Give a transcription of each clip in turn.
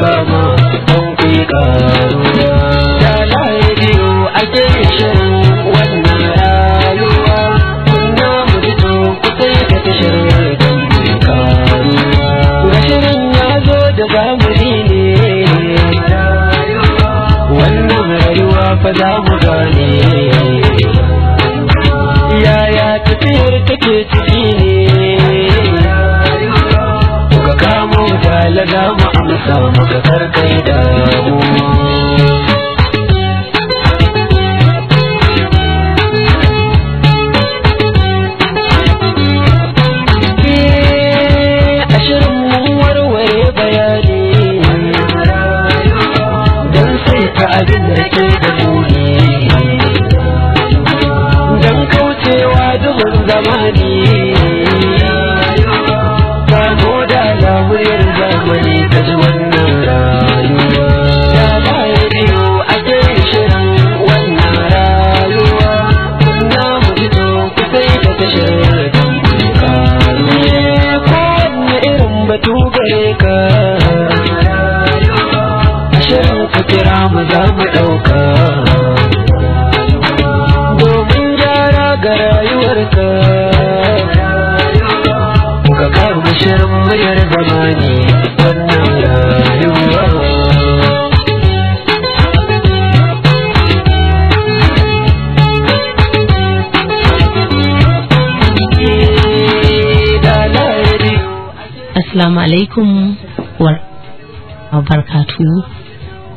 Baba dole za mu amsa maka karkai damu barakatu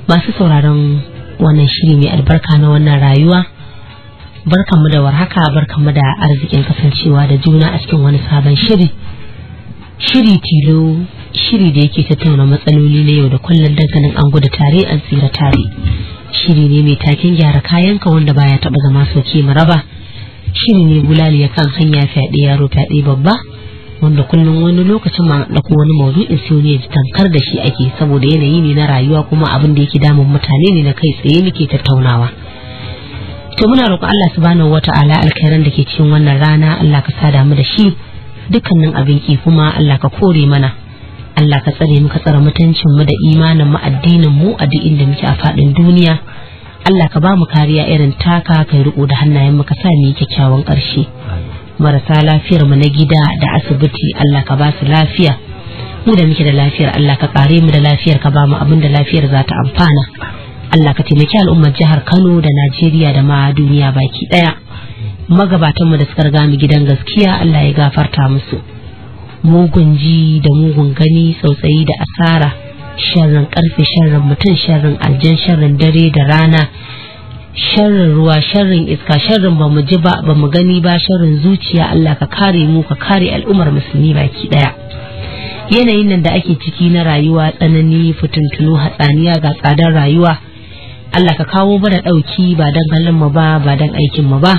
masu sauraron wannan shiri mai albarka na wannan rayuwa barkanmu da warhaka barkanmu da arzikin kasancewa da juna a cikin wani sabon shiri shiri tilo shiri da yake tattauna matsaloli na yau da kullum danganin an gudu tare an tsira tare shiri ne mai taken gyara kayanka wanda baya taba zama sauke maraba shiri ne bulali ya kan hanya fyaɗe yaro fyaɗe babba wanda kullum wani lokacin ma ɗauko wani maudu'in sai wani ya tankar da shi ake saboda yanayi ne na rayuwa kuma abin da yake damun mutane ne na kai tsaye muke tattaunawa to muna roƙon Allah wata ala alkhairan da ke cikin wannan rana Allah ka sada mu da shi dukkanin abin ki kuma Allah ka kore mana Allah ka tsare mu ka tsare mutuncin mu da imanin mu addinin mu a duk inda muke a faɗin duniya Allah ka ba mu kariya irin taka kai riko da hannayen mu ka sa mu kyakkyawan ƙarshe marasa lafiyar mu na gida da asibiti Allah ka ba su lafiya mu da muke da lafiyar Allah ka kare mu da lafiyar ka ba mu abin da lafiyar za ta amfana Allah ka taimaki al'ummar jihar Kano da Najeriya da ma duniya baki daya magabatan mu da suka riga mu gidan gaskiya Allah ya gafarta musu mugun ji da mugun gani tsautsayi da asara sharrin karfe sharrin mutum sharrin aljan sharrin dare da rana sharrin ruwa sharrin iska sharrin ba mu ji ba ba mu gani ba sharrin zuciya Allah ka kare mu ka kare al'ummar musulmi baki daya yanayin nan da ake ciki na rayuwa tsanani fitintunu hatsaniya ga tsadar rayuwa Allah ka kawo mana dauki ba dan halin mu ba ba dan aikin mu ba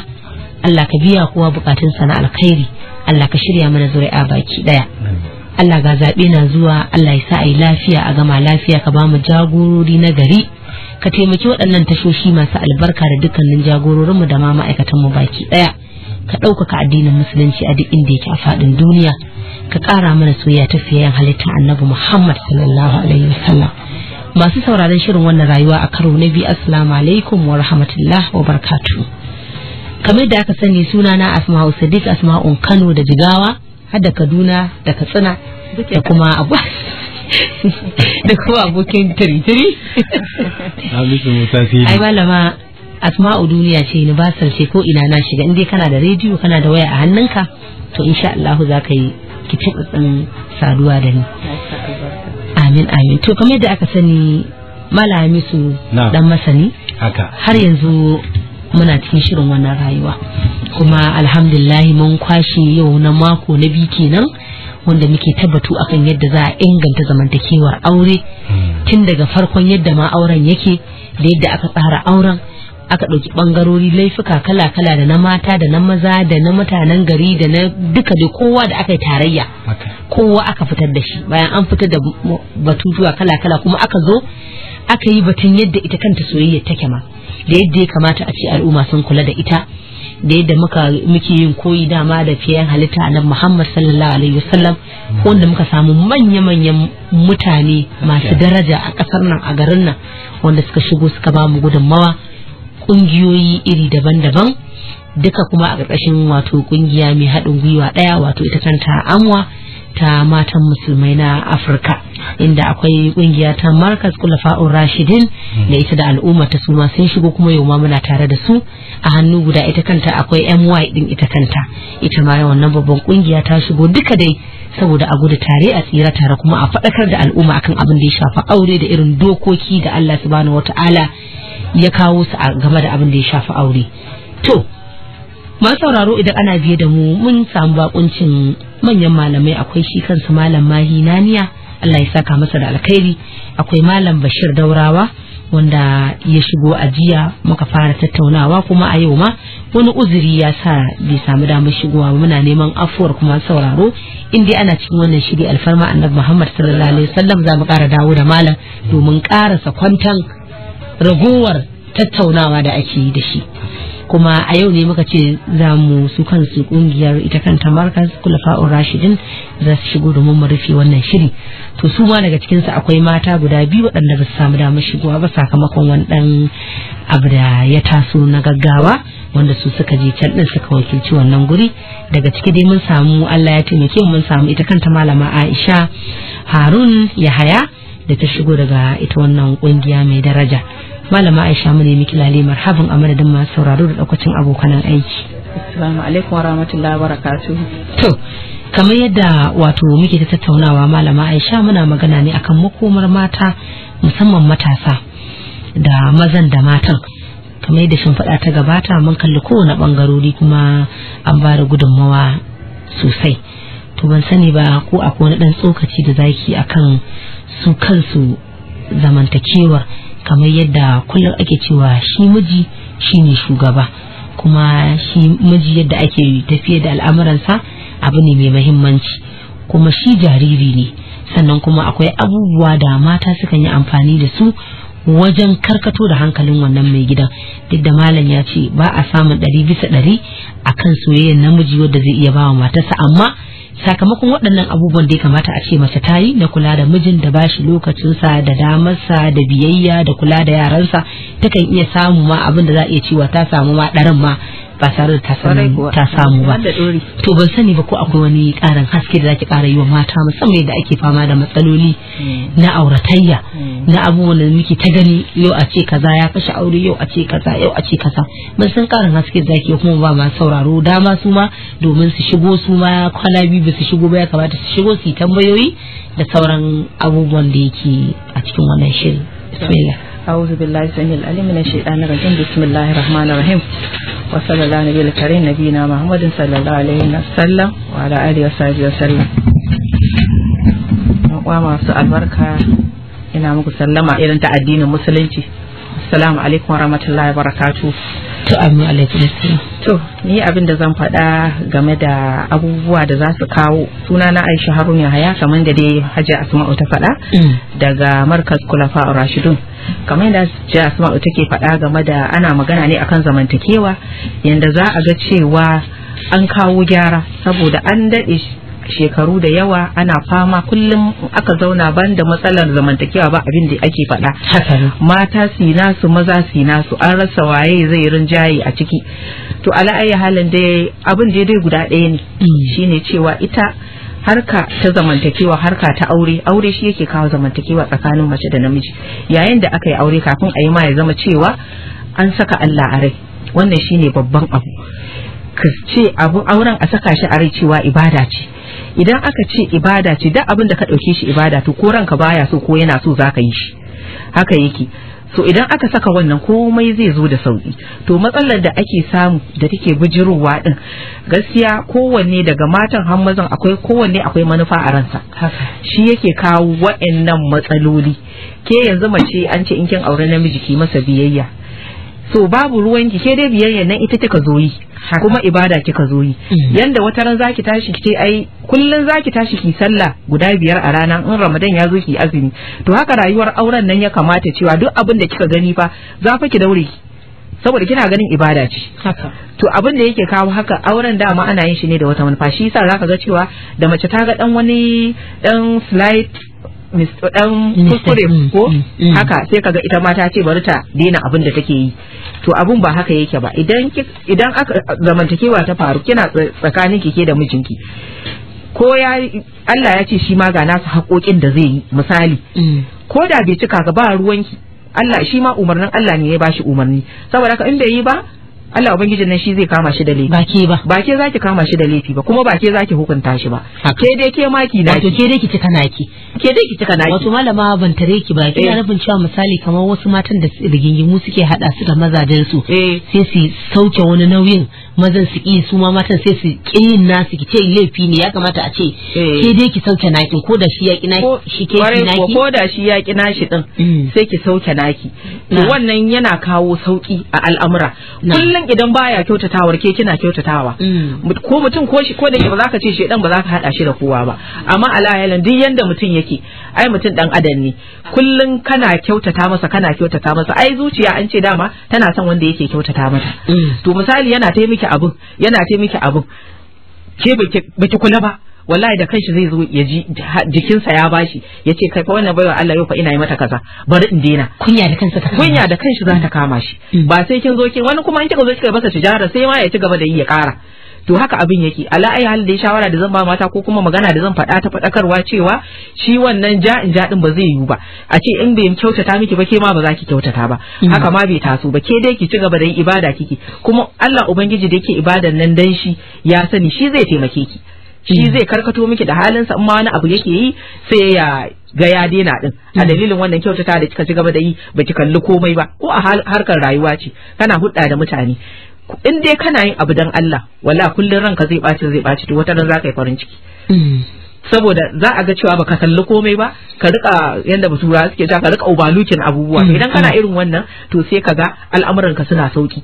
Allah ka biya kowa bukatun sa na alkhairi Allah ka shirya mana zuri'a baki daya Allah ga zabe na zuwa Allah ya sa ai lafiya a gama lafiya ka ba mu jagorori na gari ka taimaki waɗannan tashoshi masu albarka da dukkanin jagororinmu da ma ma'aikatanmu baki ɗaya ka ɗaukaka addinin musulunci a duk inda yake a faɗin duniya ka ƙara mana soyayya ta fiyayen halitta annabi muhammad sallallahu alaihi wasallam masu sauraron shirin wannan rayuwa a karo na biyu assalamu alaikum wa rahmatullah wa barkatu kamar da aka sani sunana asma'u sadiq asma'un kano da jigawa har kaduna da katsina da kuma abuwa da kuma abokin tiritiri ai malama asma'u duniya ce ni ba ce ko ina na shiga in dai kana da rediyo kana da waya a hannunka to insha Allah za ka yi kicin saduwa da ni amin amin to kamar yadda aka sani malami su dan masani har yanzu muna cikin shirin wannan rayuwa kuma alhamdulillah mun kwashe yau na mako na biyu kenan wanda muke tabbatu akan yadda za a inganta zamantakewar aure hmm. tun daga farkon yadda ma auren yake da yadda aka tsara auren aka ɗauki ɓangarori laifuka kala-kala da na mata da na maza da na mutanen gari da na duka da kowa da aka yi tarayya kowa aka fitar da shi bayan an fitar da batutuwa kala-kala kuma aka zo aka yi batun yadda ita kanta soyayya take ma da yadda ya kamata a ce al'umma sun kula da ita da yadda muka muke yin koyi dama da fiyan halitta nan Muhammad sallallahu alaihi wasallam wanda muka samu manya-manyan mutane masu daraja a kasar nan a garin nan wanda suka shigo suka ba mu gudunmawa kungiyoyi iri daban-daban duka kuma a ƙarƙashin wato kungiya mai haɗin gwiwa ɗaya wato ita kanta amwa ta matan musulmai na Afirka inda akwai kungiya ta markas kulafa'un rashidin hmm. da ita da al'umma ta suma sun shigo kuma yau ma muna tare da su a hannu guda ita kanta akwai my din ita kanta ita ma wannan babban kungiya ta shigo duka dai saboda a gudu tare a tsira tare kuma a faɗakar da al'umma akan abin da ya shafa aure da irin dokoki da Allah subhanahu wata'ala ya kawo su a game da abin da ya shafa aure to masu sauraro idan ana biye da mu mun samu bakuncin manyan malamai akwai shi kansu malam mahinaniya. Allah ya saka masa da alkhairi akwai malam Bashir Daurawa wanda ya shigo a jiya muka fara tattaunawa kuma a yau ma wani uzuri ya sa bai samu damar shigowa muna neman afuwar kuma sauraro in dai ana cikin wannan shiri alfarma annabi Muhammad sallallahu alaihi wasallam za mu ƙara dawo da malam domin ƙarasa kwantan ragowar tattaunawa da ake yi da shi kuma a yau ne muka ce za mu su kansu kungiyar ita kanta markaz kulafa'un rashidin za su shigo domin mu rufe wannan shiri to su ma daga cikinsu akwai mata guda biyu waɗanda ba su samu damar shigowa ba sakamakon wani ɗan abu da ya taso na gaggawa wanda su suka je can ɗin suka wakilci wannan guri daga ciki dai mun samu Allah ya taimake mun samu ita kanta malama Aisha Harun Yahaya da ta shigo daga ita wannan kungiya mai daraja malama aisha mune ne miki lale marhaban a madadin masu sauraro da daukacin abokanan aiki assalamu alaikum wa rahmatullahi wa barakatuhu to kamar yadda wato muke ta tattaunawa malama aisha muna magana ne akan makomar mata musamman matasa da mazan da matan kamar yadda faɗa ta gabata mun kalli kowane ɓangarori kuma an ba da gudunmawa sosai to ban sani ba ko akwai wani ɗan tsokaci da zaki akan su kansu zamantakewar kamar yadda kullum ake cewa shi miji shine shugaba kuma shi miji yadda ake tafiye da al'amuransa abu ne mai mahimmanci kuma shi jariri ne sannan kuma akwai abubuwa da mata sukan yi amfani da su wajen karkato da hankalin wannan mai gidan duk da malam ya ce ba a samun ɗari bisa ɗari a kan soyayyar namiji wadda zai iya bawa matarsa amma sakamakon waɗannan abubuwan da ya kamata a ce mace ta yi na kula da mijin da ba shi lokacinsa da damarsa da biyayya da kula da yaransa takan iya samu ma abin da za a iya cewa ta samu ma ɗarin ma ba tare da ta samu ba to ban sani ba ko akwai wani karin haske da zaki kara yi wa mata musamman da ake fama da matsaloli hmm. na auratayya hmm. na abubuwan da muke ta gani yau a ce kaza ya kashe aure yau a ce kaza yau a ce kaza mun san karin haske da zaki kuma ba ma sauraro dama su ma domin su shigo su ma kwana biyu ba su shigo ba ya kamata su shigo su yi tambayoyi da sauran abubuwan da yake a cikin wannan shirin bismillah أعوذ بالله السميع العليم من الشيطان الرجيم بسم الله الرحمن الرحيم وصلى الله نبي الكريم نبينا محمد صلى الله عليه وسلم وعلى آله وصحبه وسلم wa masu albarka ina muku sallama irin ta addinin musulunci assalamu alaikum warahmatullahi wabarakatuh to amma alaikum to ni abin da zan faɗa game da abubuwa da za su kawo suna na Aisha harun yahaya kamar da dai Hajji Asma'u ta faɗa mm. daga Markaz Kulafa a Rashidun kamar yadda Hajji Asma'u take faɗa game da ana magana ne akan zamantakewa yadda za a ga cewa an kawo gyara saboda an daɗe shekaru da yawa ana fama kullum aka zauna ban da matsalar zamantakewa ba abin da ake faɗa mata su nasu maza su nasu an rasa waye zai rinjaye a ciki to ala'ayi halin dai abin da dai guda ɗaya ne mm. shine cewa ita harka ta zamantakewa harka ta aure aure shi yake kawo zamantakewa tsakanin mace da namiji yayin da aka yi aure kafin a yi ma ya zama cewa an saka Allah a rai wannan shine babban abu ka abu auren a saka shi a rai cewa ibada ce idan aka ce ibada ce duk abin da ka ɗauke shi ibada to ko ranka baya so ko yana so zaka yi shi haka yake so idan aka saka wannan komai zai zo da sauƙi to matsalar da ake samu da take bijirowa din gaskiya kowanne daga matan hammazan akwai kowanne akwai manufa a ransa shi yake kawo wa'annan matsaloli ke yanzu mace an ce in kin aure namiji ki masa biyayya so babu ruwanki ke dai biyayya nan ita kika zo yi kuma ibada kika zo yi mm. yanda wata ran zaki tashi ki ce ai kullun zaki tashi ki sallah guda biyar a rana in ramadan ya zo ki azumi to haka rayuwar auren nan ya kamata cewa duk abin da kika gani fa za fa ki daure saboda kina ganin ibada ce to abin da yake kawo haka auren dama ana yin shi ne da wata manufa shi yasa zaka ga cewa da mace ta ga dan wani dan slide dan kuskure mm, ko mm, mm. haka sai kaga ita ma ta ce bari ta daina abin da take yi to abun ba haka yake ba idan idan aka zamantakewa ta faru kina tsakanin ki ke da mijinki ko ya Allah ya ce shi ma ga nasu haƙoƙin da zai yi misali ko da bai cika ga ba ruwanki Allah shi ma umarnin Allah ne ya bashi umarni saboda ka in bai yi ba Allah ubangijin nan shi zai kama shi da laifi Baki ba ba ke zaki kama shi da laifi ba kuma ba ke zaki hukunta shi ba ke dai ke maki na wato ke dai ki cika naki ke dai ki cika naki wato malama ban tare ki ba kina eh. nufin cewa misali kamar wasu matan da rigingimu suke hada su da mazajen su eh. sai su sauke wani nauyin mazan su ƙi su ma matan sai su ƙi yin nasu ki ce laifi ne ya kamata a ce ke eh. dai ki sauke naki ko da shi ya ƙi shi ke ƙi naki ko da shi ya ƙi shi din mm. sai ki sauke naki to wannan yana kawo sauki a al'amura kullum idan baya kyautatawar ke kina kyautatawa mm. ko mutum ko shi ko da ba za ka ce shi dan ba za ka hada shi da kowa ba amma alayalan duk yanda mutum yake ai mutum dan adam ne kullum kana kyautata masa kana kyautata masa ai zuciya an ce dama tana son wanda yake kyautata mata mm. to misali yana taimaki miki abin yana ce miki abin ke baki kula ba wallahi da kanshi zai zo ya ji jikinsa ya bashi ya ce kai fa wannan baiwa Allah yau fa ina yi mata kaza bari in daina kunya da kansa ta kunya da kanshi za ta kama shi mm. ba sai kin zo ke wani kuma in kika zo kika basa tijara sai ma ya ci gaba da yi ya kara to haka abin yake ala ai hal da shawara da zan ba mata ko kuma magana da zan faɗa ta faɗakarwa cewa shi wannan ja'in jaɗin ba zai yiwu ba a ce in bai kyautata miki ba ke ma ba za ki kyautata ba mm. haka ma bai taso ba ke dai ki ci gaba da yin ibada kiki kuma Allah ubangiji da yake ibadan nan dan shi ya sani shi zai taimake ki shi mm. zai karkato miki da halinsa in ma wani abu yake yi sai ya ga ya daina din a mm. dalilin wannan kyautata da kika ci gaba da yi ba ki kalli komai ba ko a harkar rayuwa ce kana hudda da mutane in dai kana yin abu dan Allah wala kullun ranka zai baci zai baci to wata ran za yi farin ciki hmm. saboda za a ga cewa baka kalli komai ba ka rika yanda basura suke ta ka rika ubalukin abubuwa hmm. idan kana hmm. irin wannan to sai ka ga al'amuranka suna sauki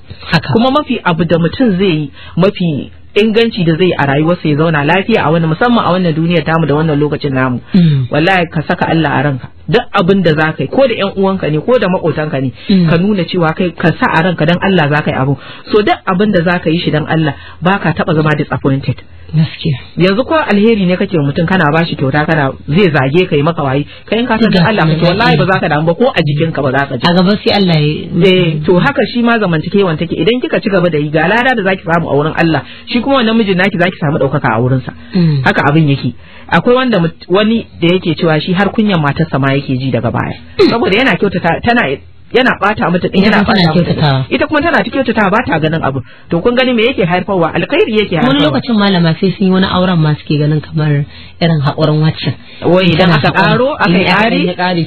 kuma mafi abu da mutum zai yi mafi inganci da zai a rayuwarsa ya zauna lafiya a wannan musamman a wannan duniyar tamu da wannan lokacin namu mm. wallahi ka saka Allah a ranka duk abin da zaka yi ko da ƴan uwanka ne ko da makotanka ne mm. ka nuna cewa kai ka sa a ranka dan Allah zaka yi abu so duk abin da zaka yi shi dan Allah baka taba zama disappointed gaskiya yanzu ko alheri ne kake mutum kana bashi kyauta kana zai zage kai maka waye kai in ka san Allah kake wallahi ba za ka damu ba ko a jikin ka ba za ka ji a gaban sai Allah ya eh, to haka shi ma zamantakewan take idan kika ci gaba da yi ga da zaki samu a wurin Allah shi shi kuma wannan mijin naki zaki samu ɗaukaka a wurinsa mm. haka abin yake akwai wanda wani da yake cewa shi har kunyan matarsa ma yake ji daga baya mm. saboda yana kyautata tana yana bata mata din yana bata mata ita kuma tana ta kyautata ba ta ganin abu to kun gani me yake haifarwa alkhairi yake haifarwa wani lokacin malama sai sun yi wani auren ma suke ganin kamar irin haƙurin waccan wai idan aka karo aka yari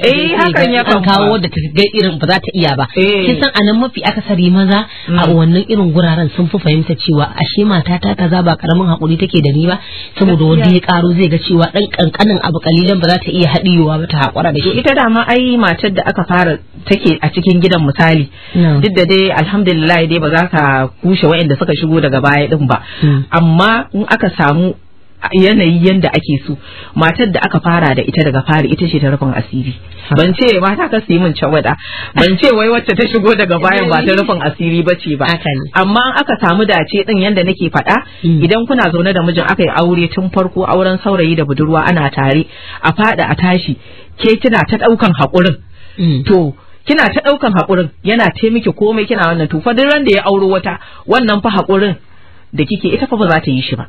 eh hakan ya kan kawo da ta ga irin ba za ta iya ba eh. kin san anan mafi aka akasari maza a mm. wannan irin guraren sun fi fahimta cewa ashe mata ta kaza ba karamin haƙuri take da ni ba saboda wanda ya karo zai ga cewa dan kankanin abu kalilan ba za ta iya haɗiyowa ba ta haƙura da shi ita da ma ai matar da aka fara take a cikin gidan misali duk da dai alhamdulillah dai ba za ka kushe waɗanda suka shigo daga baya din ba hmm. amma in aka samu yanayi yanda ake so matar da aka fara da ita daga fari ita ce ta rufin asiri ban ce mata ka su yi min cawada ban ce wai wacce ta shigo daga bayan ba ta rufin asiri ba ce ba amma aka samu dace din yanda nake faɗa hmm. idan kuna zaune da mijin aka yi aure tun farko auren saurayi da budurwa ana tare a faɗa a tashi ke kina ta ɗaukan haƙurin hmm. to kina ta ɗaukan haƙurin yana taimake miki komai kina wannan tufa duk ran da ya auro wata wannan fa haƙurin da kike ita fa ba za ta yi shi ba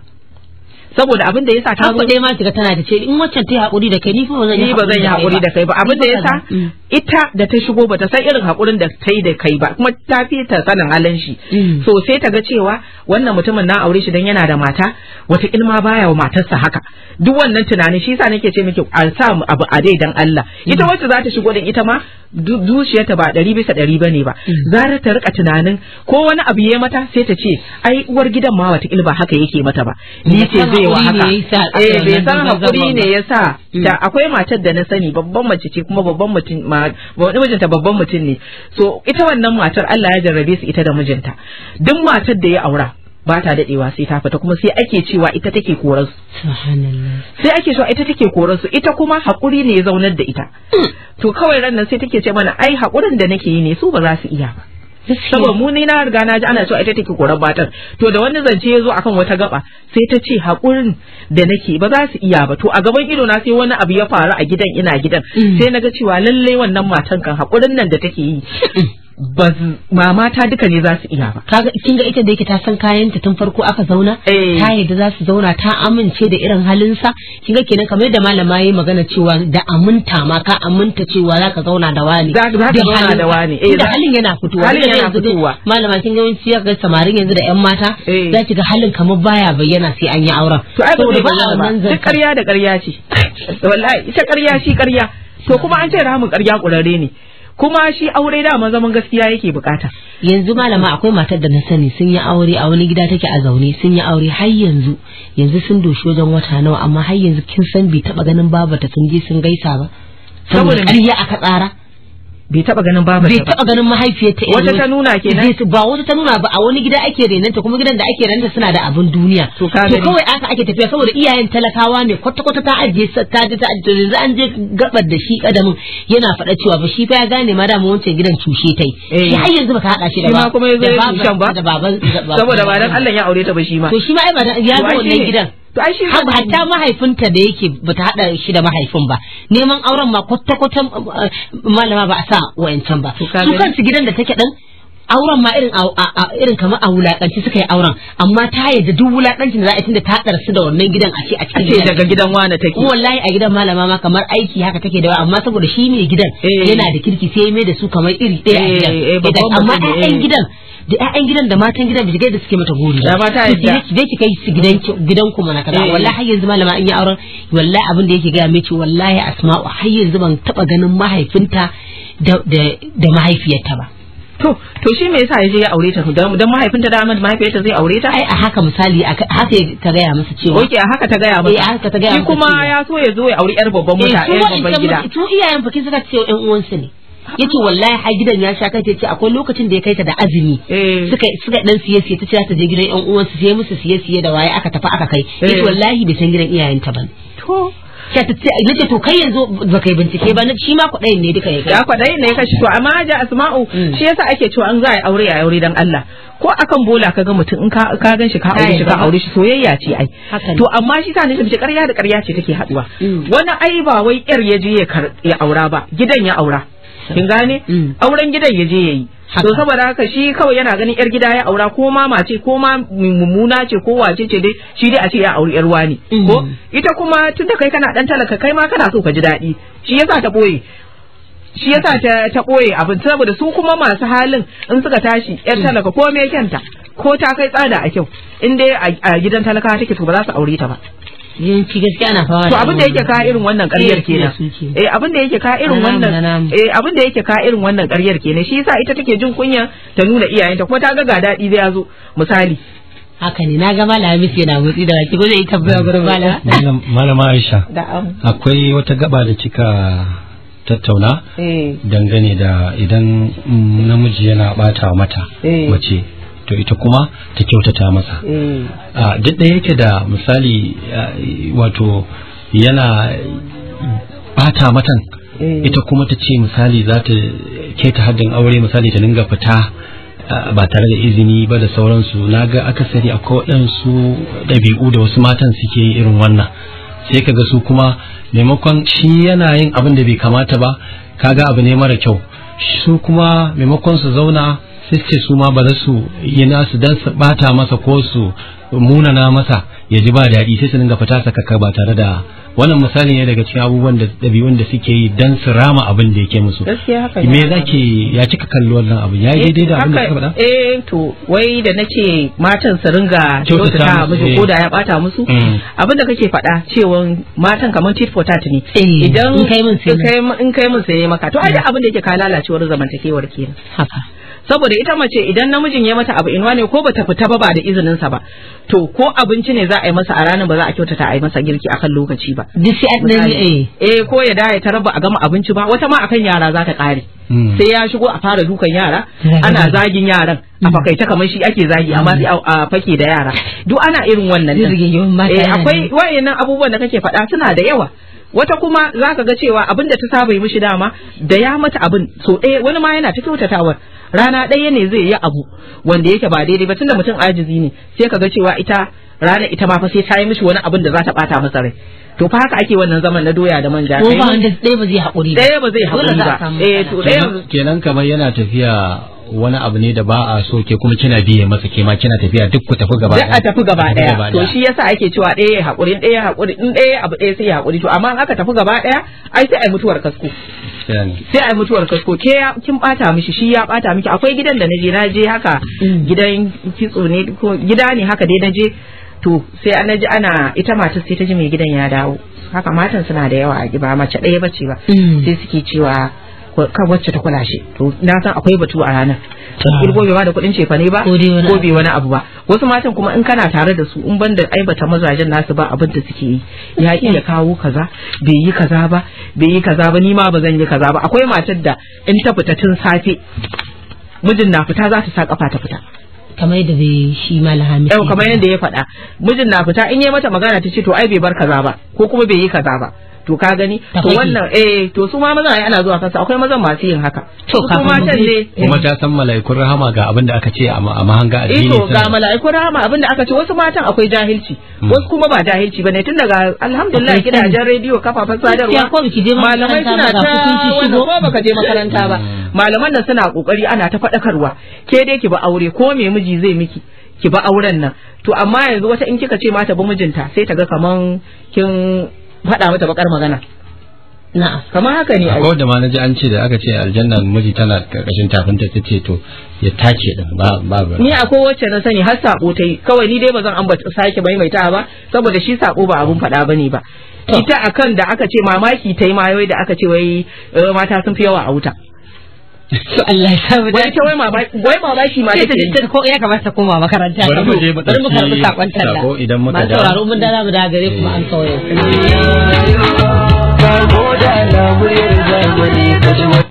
saboda abin da yasa ta zo dai ma shiga tana da ce in waccan ta hakuri da kai ni fa zan yi ba zan yi hakuri da kai ba abin da yasa mm. ita da ta shigo ba ta san irin hakurin da ta yi da kai ba kuma ta fi ta sanin halin shi mm. so sai ta ga cewa wannan mutumin na aure shi dan yana da mata wata ilma baya wa matarsa haka duk wannan tunanin shi yasa nake ce miki an sa abu a dai dan Allah mm. ita wacce za ta shigo din ita ma zuciyarta ba ɗari bisa ɗari bane ba zara ta rika tunanin ko wani abu ya mata sai ta ce ai uwar gidan ma wata ba haka yake mata ba ni ce zai kaucewa haka eh bai san hakuri ne yasa mm. da akwai matar da na sani babban mace ce kuma babban mutum wani mijinta babban mutum ne so ita wannan matar Allah ya jarrabe su ita da mijinta duk matar da ya aura ba ta dadewa sai ta fita kuma sai ake cewa ita take koran su sai ake cewa ita take koran su ita kuma hakuri ne ya zaunar da ita mm. to kawai ran nan sai take ce mana ai hakurin da nake yi ne su ba za su iya ba saboda mu ni na riga na ji ana a ita take koran batar to da wani zance ya zo akan wata gaba sai ta ce hakurin da nake ba za su iya ba to a gaban ido na sai wani abu ya faru a gidan ina gidan mm. sai na ga cewa lallai wannan matan kan hakurin nan da take yi ba mama ta duka ne za su iya ba kaga kin ga ita da yake ta san kayan ta tun farko aka zauna eh. ta yadda za su zauna ta amince da irin halin sa kin ga kenan kamar da malama yayi magana cewa da aminta ma ka aminta cewa za ka zauna da wani za ka zauna da wani eh da halin yana fitowa halin yana fitowa malama kin ga wanci ga samarin yanzu da yan mata eh. za ki ga halin kamar baya bayyana sai an yi auren to ai ba duk ƙarya da ƙarya ce wallahi ita ƙarya shi ƙarya to kuma an ce ramin ƙarya ƙurare ne kuma shi aure dama zaman gaskiya yake bukata yanzu malama akwai matar da na sani sun yi aure a wani gida take a zaune sun yi aure har yanzu yanzu sun doshi wajen wata nawa amma har yanzu kin san bai taba ganin babata sun je sun gaisa ba saboda ƙarya aka tsara bai taba ganin babu bai taba ganin ta wata ta nuna kenan ba wata ta nuna ba a wani gida ake renanta kuma gidan da ake renanta suna da abin duniya to kawai aka ake tafiya saboda iyayen talakawa ne kwata kwata ta ajiye ta ji ta ajiye yanzu an je gabar da shi kadamin yana faɗa cewa ba shi fa ya gane ma dama wancan gidan cushe tai shi eh. har yanzu baka hada shi da ba kuma yanzu ya ba saboda ba dan Allah ya aure ta ba shi ma to shi ma ai ba ya ga wannan gidan to ai shi hatta mahaifinta da yake ta hada shi da mahaifin ba neman auren ma kwata kwata um, uh, malama ba a sa wayancan ba su kansu gidan da take dan auren ma irin irin kamar a wulakanci suka yi auren amma ta yadda duk wulakancin da za a tunda ta su da wannan gidan a ce a cikin gidan daga gidan wani take wallahi a gidan malama ma kamar aiki haka take da amma saboda shi ne gidan eh. yana da kirki sai mai da su kamar iri ɗaya a eh, gidan eh, amma ɗan gidan da ƴaƴan gidan da matan gidan bishi da suke mata gori da mata yadda ki dai ki kai su gidan gidan ku mana kaza eh. wallahi har yanzu malama an yi auren wallahi abin da yake ga mai ce wallahi asma'u har yanzu ban taba ganin mahaifinta da da mahaifiyarta ba to to shi me yasa yaje ya aure ta dan mahaifinta da amma mahaifiyarta zai aure ta ai a haka misali haka ta gaya masa cewa oke a haka ta gaya masa eh haka ta gaya masa shi kuma ya so ya zo ya aure yar babban eh, mutane yar babban gida to iyayen fa kin suka ce uwan su ne yace wallahi har gidan ya sha kai ce akwai lokacin da ya kai ta da azumi eh. suka suka dan siye siye ta ce ta je gidan yan uwansu sai musu siye siye da waye aka tafi aka kai eh. yace wallahi bai san gidan iyayenta ba to yace to kai yanzu ba kai bincike ba shi ma kuɗayin ne duka ya kai ya kuɗayin ne ya shi to amma haja asma'u mm. shi yasa ake cewa an za a aure a aure dan Allah ko akan bola ka ga mutum in ka gan shi ka aure shi ka aure shi soyayya ce ai to amma shi sa ne shi karya da karya ce take haduwa mm. wani ai ba wai ƙyar ya je ya aura ba gidan ya aura kin gane mm. auren gidan yaje yayi to saboda haka shi kawai yana ganin yar gida ya aura ko ma mace ko ma ce ko wace ce dai shi dai a ce ya auri yar wani mm. ko ita kuma tun da kai kana dan talaka kai ma kana so ka ji daɗi shi yasa ta boye shi yasa ta ta boye abin saboda su kuma masu halin in suka tashi yar mm. talaka ko me kyanta ko ta kai tsada a kyau in dai a gidan talaka take to ba za su aure ta ba yawanci gaskiya ana fama to abin da yake ka irin wannan ƙaryar kenan eh abin da yake ka irin wannan eh abin da yake ka irin wannan ƙaryar kenan shi yasa ita take jin kunya ta nuna iyayenta kuma ta ga ga dadi zai yazo misali haka ne na ga malam Hamis yana motsi da baki ko zai tambaya gurin malama. malama Aisha akwai wata gaba da kika tattauna eh. dangane da idan namiji yana bata mata eh. mace to ita kuma ta kyautata masa mm. duk da yake da misali wato yana bata matan mm. ita kuma ta ce misali za ta ke ta haddin aure misali ta dinga fita ba tare da izini ba da sauransu na ga akasari akwai waɗansu ɗabi'u da wasu matan suke yi irin wannan sai ka ga su kuma maimakon shi yana yin abin da bai kamata ba ka ga abu ne mara kyau su kuma maimakon su zauna sai su ce su ma ba su yi nasu dan su bata masa ko su munana masa ya ji ba daɗi sai su dinga fita sakaka ba tare da wannan misali ne daga cikin abubuwan da ɗabi'un da suke yi dan su rama abin da yake musu me zaki ya cika kalli wannan abin ya yi daidai da abin da ka faɗa eh to wai da nace matan su ringa kyautata miji eh. ko da ya bata musu mm. abin da kake faɗa cewa matan kamar tit for tat ne eh, idan in kai min sai in kai min sai maka to ai mm. abin da yake ka lalacewar zamantakewar kenan haka saboda ita mace idan namijin ya mata abu inuwa ne ko bata fita ba ba da izinin sa ba to ko abinci ne za a yi masa a ranar ba za a kyautata a yi masa girki akan lokaci ba disi eh. eh ko ya dai ta raba a gama abinci ba wata ma akan yara za ta kare hmm. sai ya shigo a fara dukan yara ana zagin yaran a hmm. fakaita kamar shi ake zagi amma sai a fake da yara duk ana irin wannan eh akwai wayannan abubuwan da kake faɗa suna da yawa wata kuma za ka ga cewa abin da ta saba yi mishi dama da ya mata abin so ɗaya wani ma yana ta kyautatawar rana ɗaya ne zai yi abu wanda yake ba daidai ba tunda mutum ajizi ne sai ka ga cewa ita rana ita ma fa sai ta yi mishi wani abin da za ta bata masa rai to fa haka ake wannan zaman na doya da manja ko ba wanda ɗaya ba zai haƙuri ba ɗaya ba zai haƙuri ba eh to ɗaya kenan kamar yana tafiya wani abu ne da ba a so ke kuma kina biye masa ke ma kina tafiya duk ku tafi gaba duk a tafi gaba daya to shi yasa ake cewa ɗaya haƙuri ɗaya haƙuri in ɗaya abu ɗaya sai ya haƙuri. to amma in aka tafi gaba daya ai sai ai mutuwar kasko sai ai mutuwar kasko ke kin ɓata mishi shi ya ɓata miki akwai gidan da naje naje haka mm. gidan kitso ne ko gida ne haka dai naje to sai an ji ana ita matar sai ta ji mai gidan ya dawo haka matan suna da yawa ba mace ɗaya bace ba mm. sai suke cewa kan wacce ta kula shi to na san akwai batu a ranar ah. kul gobe ba da kuɗin cefane ba ko bai wani abu ba wasu matan kuma in kana tare da su in ban da aibata mazajen nasu ba abin da suke yi ya iya kawo kaza bai yi kaza ba bai yi kaza ba ni ma ba zan yi kaza ba akwai matar da in ta fita tun safe mijin na fita za ta sa kafa ta fita kamar yadda bai shi malami yau kamar yadda ya faɗa mijin na fita in yi mata magana ta ce to ai bai bar kaza ba ko kuma bai yi kaza ba to ka gani to wannan eh to su ma maza ana zuwa kansa akwai mazan masu yin haka to kuma ne kuma ta san mala'ikun rahama ga abin da aka ce a mahanga addini eh, to ga mala'ikun rahama abin da aka ce wasu matan akwai jahilci hmm. wasu kuma ba jahilci bane tun daga alhamdulillah gidajen rediyo kafafen sadarwa malamai suna ta wanda ko baka je makaranta ba hmm. malaman nan suna kokari ana ta faɗakarwa ke dai ki ba aure ko me miji zai miki ki ba auren nan to amma yanzu wata in kika ce mata bi mijinta sai ta ga kaman kin faɗa mata bakar magana na kama haka ne akwai da ma ji an ce da aka ce aljanna miji tana karkashin tafinta ta ce to ya tace din ba ba ni akwai wacce na sani har sako ta yi kawai ni dai ba zan ambata sake maimaita ba saboda shi sako ba abun faɗa ne ba ita akan da aka ce mamaki ta yi ma da aka ce wai eh, mata sun fi yawa a wuta to Allah ya sa mu da ita wai mamaki wai mamaki ma ta ko ya kamata koma makaranta bari mu je mu bari mu karbi sakon talla idan muka da sauraro mun mu da gare kuma an kawo eh. ka goda zamani ka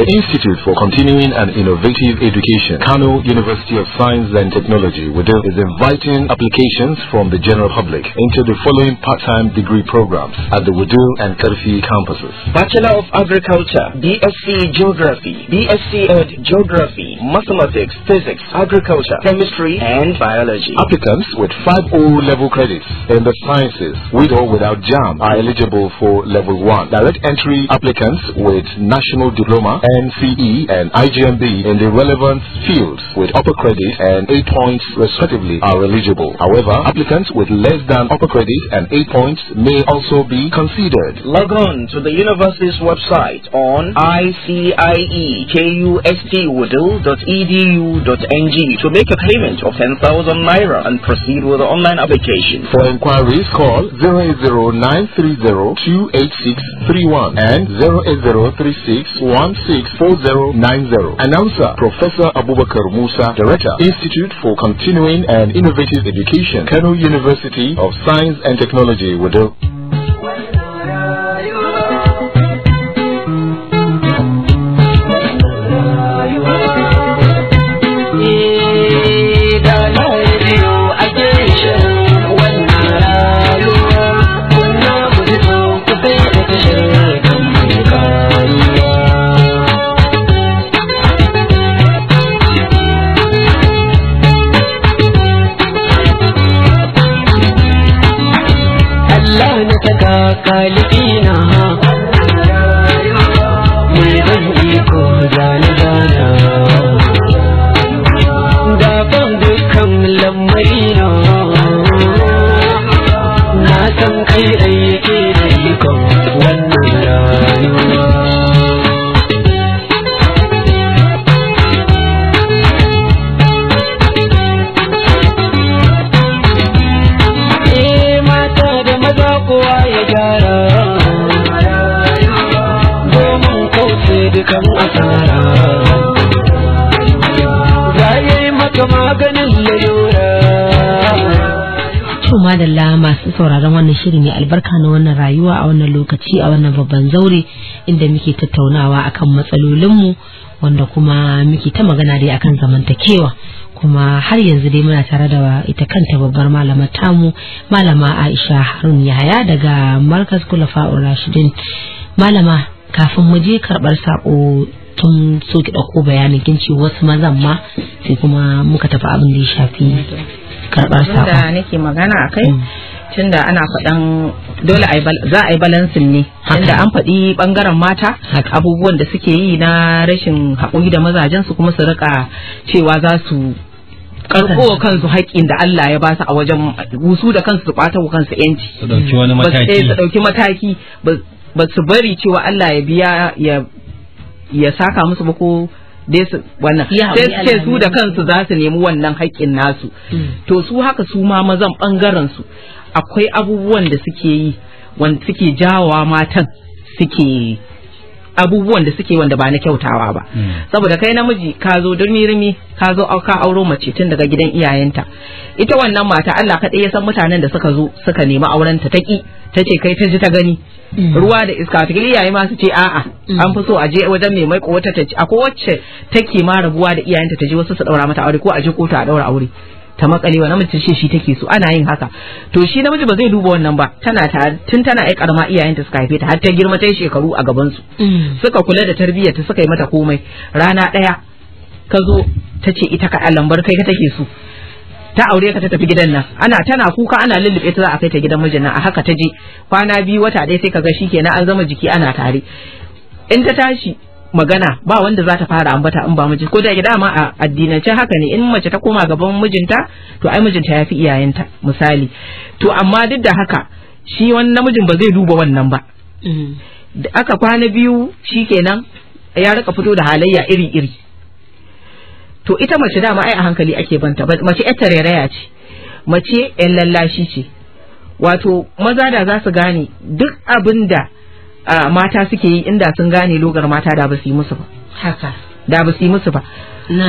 The Institute for Continuing and Innovative Education, Kano University of Science and Technology, WIDO, is inviting applications from the general public into the following part-time degree programs at the WIDO and Kerfi campuses. Bachelor of Agriculture, BSc Geography, BSc Ed Geography, Mathematics, Physics, Agriculture, Chemistry and Biology. Applicants with 5 O-level credits in the sciences, with or without JAM, are eligible for level 1. Direct entry applicants with national diploma NCE and IGMB in the relevant fields with upper credit and 8 points respectively are eligible. However, applicants with less than upper credit and 8 points may also be considered. Log on to the university's website on iciekustwoodle.edu.ng to make a payment of 10,000 naira and proceed with the online application. For inquiries, call 08093028631 and 0803616 Four zero nine zero. Announcer Professor Abubakar Musa, Director, Institute for Continuing and Innovative Education, Kano University of Science and Technology, Wado. कल की नहा maganin lalura Tuma da la masu sauraron wannan shiri ne albarka na wannan rayuwa a wannan lokaci a wannan babban zaure inda muke tattaunawa akan matsalolinmu wanda kuma muke ta magana dai akan zamantakewa kuma har yanzu dai muna tare da ita kanta babbar malama tamu malama Aisha Harun Yahaya daga Markas kulafa'ur Rashidin malama kafin mu je karɓar sako tun so ki ɗauko bayanin kin ce wasu mazan ma sai kuma muka tafi abin da ya shafi karɓar sako. da nake magana a kai mm. tunda ana faɗan dole za a yi balansin ne tunda an faɗi ɓangaren mata abubuwan da suke yi na rashin haƙuri da mazajen su kuma su rika cewa za su karɓo kansu haƙƙin da Allah ya su a wajen wusu da kansu su ɓata kansu yanci su ɗauki eh, mataki ba su bari cewa Allah ya biya ya ya saka musu ba ko dai su wannan sai su su da kansu za su nemi wannan haƙƙin nasu hmm. to su haka su ma mazan bangaren su akwai abubuwan da suke yi wanda suke jawa matan suke abubuwan da suke wanda ba na kyautawa ba hmm. saboda kai namiji ka zo durmi ka zo ka auro mace tun daga gidan iyayenta ita wannan mata Allah kaɗai ya san mutanen da suka zo suka nemi aurenta ta ki ta kai ta ji ta gani hmm. ruwa da iska ta iyaye ma su ce a'a hmm. an fi so a je wajen mai ko wata ta akwai wacce take ma rabuwa da iyayenta ta je wasu su daura mata aure ko a je kotu a daura aure ta wa namiji ce shi take so ana yin haka to shi namiji ba zai duba wannan ba tana tun tana ai karama iyayenta suka haife ta har ta girma ta shekaru a gaban su mm. suka kula da tarbiyyar ta suka yi mata komai rana daya ka zo ta ce ita ka alambar kai ka take so ta aure ka ta tafi gidan nan ana tana kuka ana lullube ta za a kai ta gidan mijin nan a haka ta je kwana biyu wata ɗaya sai ka ga kenan an zama jiki ana tare in ta tashi magana ba wanda za ta fara ambata in ba miji ko da ma a addinance haka ne in mace ta koma gaban mijinta to ai mijinta yafi fi iyayenta misali to amma duk da haka shi wani namijin ba zai duba wannan ba mm. da aka kwana biyu shikenan ya rika fito da halayya iri-iri to ita mace dama ai a hankali ake banta mace yar tarairaya ce mace yan lallashi ce wato maza da za su gane duk abin da mata suke yi inda sun gane logar mata da ba su yi musu ba haka da ba su yi musu ba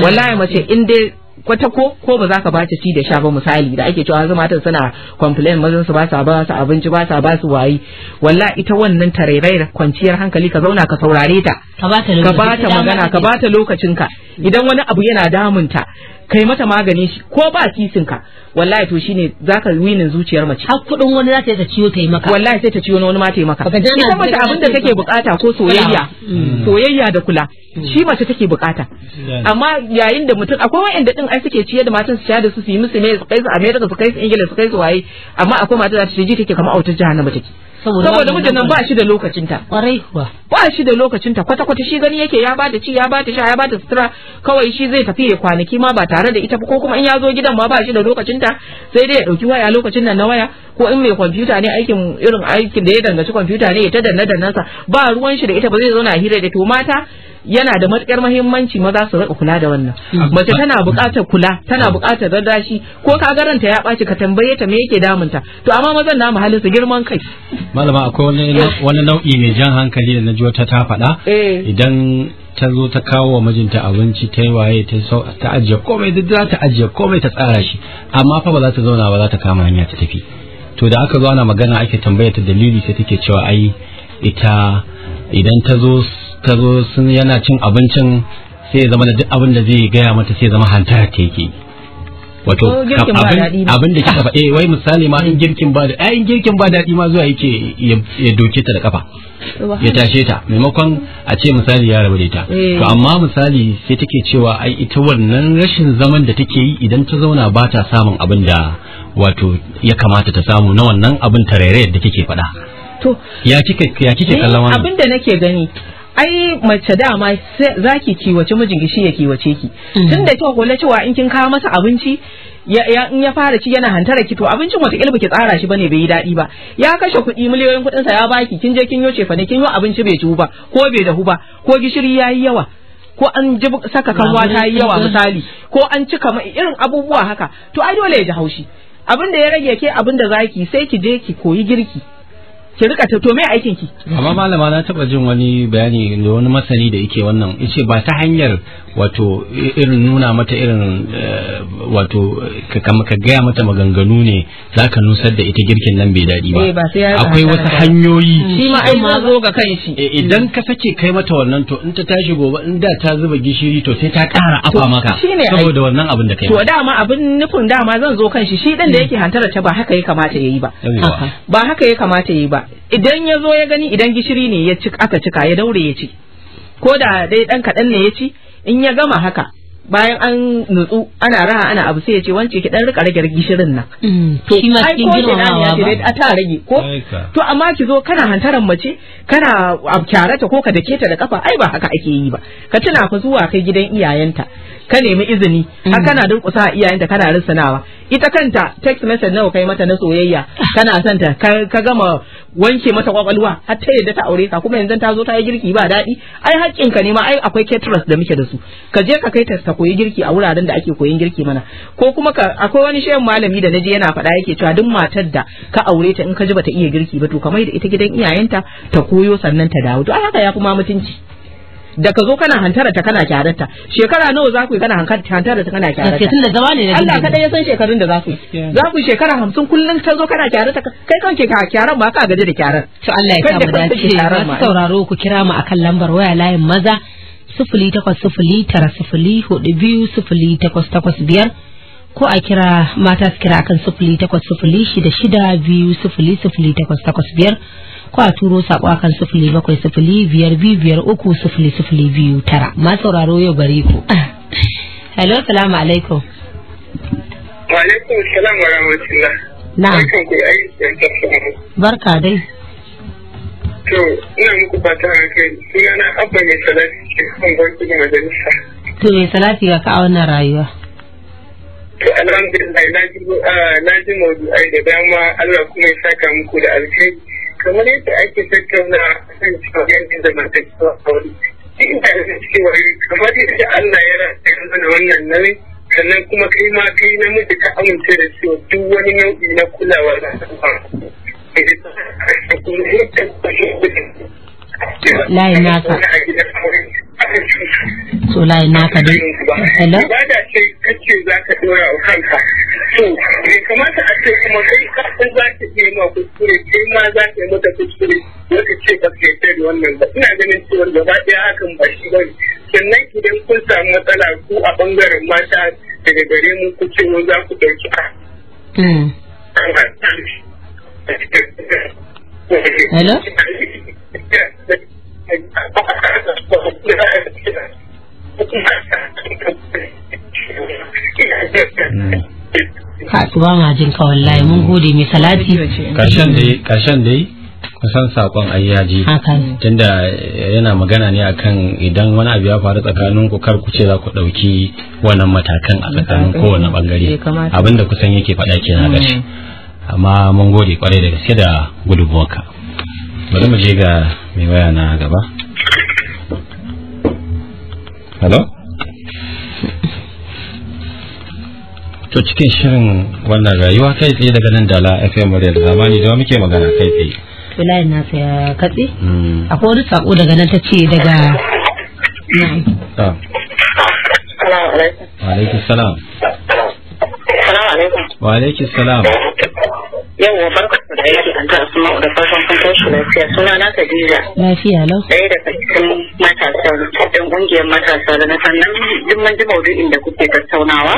wallahi mace in dai kwata ko ko ba za ka bata ci da sha ba misali da ake cewa mata suna complain mazan su ba sa ba su abinci ba sa ba su wayi wallahi ita wannan tarairai kwanciyar hankali ka zauna ka saurare ta ka bata magana ka bata lokacin ka idan wani abu yana damunta kai mata magani shi ko ba kisin ka wallahi to shine zaka winin zuciyar mace har kudin wani za ta ciwo ta yi maka wallahi sai ta ciwo wani ma ta yi maka ita mace abin da take bukata ko soyayya soyayya da kula mm. shi mace take bukata amma yayin da mutum akwai wa'anda din ai suke ciye da matan su ciya da su su yi musu ne su kai su America su kai su Ingila su kai su waye amma akwai mata da ta ce ji take kamar autar jahannama take saboda mijin nan ba shi da lokacinta kwarai ba shi da lokacinta kwata kwata shi gani yake ya bata ci ya bata sha ya bata sutura kawai shi zai tafi ya kwanaki ma ba tare da ita ko kuma in ya zo gidan ma ba shi da lokacinta sai dai ya dauki waya lokacin nan na waya ko in mai kwamfuta ne aikin irin aikin da ya danganci kwamfuta ne ya ta danna dannansa ba ruwan shi da ita ba zai zauna hira da to mata yana da matukar muhimmanci maza su rika kula da wannan mace tana buƙatar kula tana buƙatar dadashi ko ka garanta ya baci ka tambaye ta me yake damunta to amma mazan na halin su girman kai malama akwai eh. wani nau'i mai jan hankali da na ji ta faɗa eh. idan ta zo ta kawo wa mijinta abinci ta yi waye ta sau ta ajiye komai duk za ta ajiye komai ta tsara shi amma fa ba za ta zauna ba za ta kama hanya ta tafi to da aka zo ana magana ake tambaya ta dalili sai take cewa ai ita idan ta zo ta zo sun yana cin abincin sai zama da duk abin da zai gaya mata sai zama hantara ta yake wato oh, abin da kika faɗe eh, wai misali ma in girkin ba da ai eh, girkin ba daɗi ma zuwa yake ya doke ta da kafa ya tashe ta maimakon a ce misali ya rabu da ita eh. to amma misali sai take cewa ai ita wannan rashin zaman da take yi idan ta zauna ba ta samun abin da wato ya kamata ta samu na wannan abin tarairayar da kike faɗa to ya kike ya kike kallon wannan abin da nake gani ai mace dama za ki kiwace mijin shi ya kiwace ki mhm. tun da kika kula cewa in kin kawo masa abinci in ya fara ci yana hantara ki to abincin wataƙila ki tsara shi bane bai yi daɗi ba ya kashe kuɗi miliyoyin kuɗin sa ya baki kin je kin yo cefa ne kin yo abinci bai ciwu ba ko bai dahu ba ko gishiri yayi yawa ko an ji saka kanwa ta yi yawa misali ko an cika mai irin abubuwa haka to ai dole ya ji haushi abin da ya rage ke abin da zaki sai ki je ki koyi girki ki rika ta to me aikin ki amma malama na taba jin wani bayani da wani masani da yake wannan yace ba ta hanyar wato irin nuna mata irin eh, wato ka ka gaya mata maganganu ne zaka nusar da ita girkin nan bai dadi ba eh, akwai wasu hanyoyi mm. shi ma ai ma zo ga kanshi eh, idan ka sake kai mata wannan to in ta tashi gobe in da ta zuba gishiri to sai ta kara afa maka saboda wannan abin da kai to dama abin nufin dama zan zo kanshi shi dan da mm. yake hantara ta ba haka ya kamata yayi ba ba haka ya kamata yayi ba idan ya zo ya gani idan gishiri ne ya ci aka cika ya daure ya ci ko da dai dan kaɗan ne ya ci in ya gama haka bayan an nutsu ana raha ana abu sai ya ce wance ki dan rika rage gishirin nan mm, to ai ko ki dan ya ce a ta rage ko to amma ki zo kana hantaran mace kana kyarata ko ka dake ta da kafa ai ba haka ake yi ba ka tuna fa zuwa kai gidan iyayenta ka nemi izini mm. a kana dunkusa iyayen iyayenta kana risanawa ita kanta text message nawa kai mata na soyayya kana son ta ka gama wanke mata kwakwalwa har ta yadda ta aure ka kuma yanzu ta zo ta yi girki ba daɗi ai haƙƙin ka ne ma ai akwai caterers da muke da su ka je ka kai ta ta koyi girki a wuraren da ake koyin girki mana ko kuma ka akwai wani shehin malami da naje yana faɗa yake cewa duk matar da ka aure ta in ka ji bata iya girki ba to kamar da ita gidan iyayenta ta koyo sannan ta dawo to ai haka ya fi ma mutunci da ka zo kana hantara ta kana kyararta shekara nawa za ku yi kana hantara ta kana kyararta tunda zama ne Allah ka ya san shekarun da za ku za ku shekara hamsin kullum ka zo kana kyararta kai kanke ka kyaran ma ka gaji da kyaran to Allah ya samu dace sauraro ku kira mu akan lambar waya layin maza sifili takwas sifili tara sifili hudu biyu sifili takwas takwas biyar ko a kira mata su kira kan sufuli takwas sufuli shida shida biyu sufuli sufuli takwas takwas biyar ko a turo sako akan sifili bakwai sifili biyar biyu biyar uku sifili sifili biyu tara ma sauraro yau gare ku hello salamu alaikum wa alaikum salam wa rahmatullah na'am barka dai to ina muku fata a kai suna na abba mai salati ke kan gwanci da majalisa to mai salati ga ka a wannan rayuwa to alhamdulillah na ji ah, ai da dama Allah kuma ya saka muku da alkhairi kamar yadda ake tattauna kan cikin zamantakewa a wani ina da cewa kamar yadda Allah ya rasa mana wannan nauyi sannan kuma kai ma kai namiji ka amince da cewa duk wani nau'i na kulawa da kuma yadda layin naka to layin naka dai hello ibada ce kace za ka dora a kanka to bai kamata a ce kuma kai kafin san za ka iya ma kuskure kai ma za ka yi mata kuskure wata ce ba ka yarda da wannan ba ina ganin cewa gaba ɗaya hakan ba shi bane sannan idan kun samu matsala ku a bangaren mata daga gare mu ku ce za ku ɗauki ka. Hello? haɗuwa hmm. ma jin ka wallahi mun gode mai salati karshen dai karshen dai kusan sakon ayyaji tunda eh, yana magana ne akan idan wani abu ya faru tsakanin ku kar ku ce za ku ɗauki wannan matakan a tsakanin kowane bangare abinda kusan yake faɗa ke na gashi hmm. amma mun gode kwarai da gaske da ka. bari mu je ga mai waya na gaba hello to cikin shirin wannan rayuwa kai tsaye daga nan dala fm muryar zamani da muke magana kai tsaye layin na ya katse a kodin sako daga nan ta ce daga ah. Wa alaikum salam. Wa alaikum salam. yawwa barka da yaki an ta asma da farkon kun shi lafiya suna na Khadija lafiya lau ɗaya da cikin matasa ɗan ƙungiyar matasa da na sannan duk mun ji maudu'in da kuke tattaunawa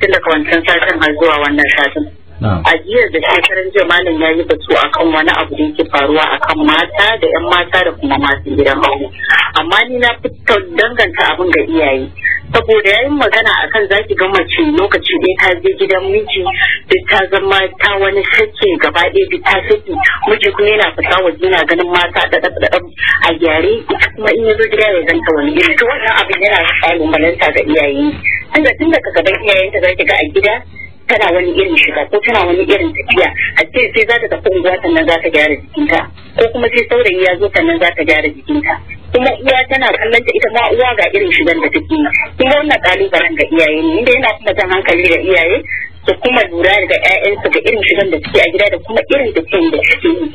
tun da wancan satin har zuwa wannan satin a jiya da shekaran jiya malam ya yi batu akan wani abu da yake faruwa akan mata da yan mata da kuma masu gidan aure amma ni na fito danganta abin ga iyaye saboda yayin magana akan zaki ga mace lokaci ɗaya ta je gidan miji duk ta zama ta wani sake gaba ɗaya duk ta sake miji kuma yana fita waje yana ganin mata da ɗaɗɗaɗɗan a gyare kuma in ya zo gida ya zanta wani iri to wannan abin yana ƙalubalanta ga iyaye da tun daga gaban iyayenta zaki ga a gida tana wani irin shiga ko tana wani irin tafiya a ce sai za ta tafi unguwa sannan za ta gyara jikinta ko kuma sai saurayi ya zo sannan za ta gyara jikinta kuma uwa tana kallon ta ita ma uwa ga irin shigan da take yi kuma wannan kalubalen ga iyaye ne inda yana kuma jan hankali ga iyaye da kuma lura da ƴaƴansu ga irin shigan da suke a gida da kuma irin da da suke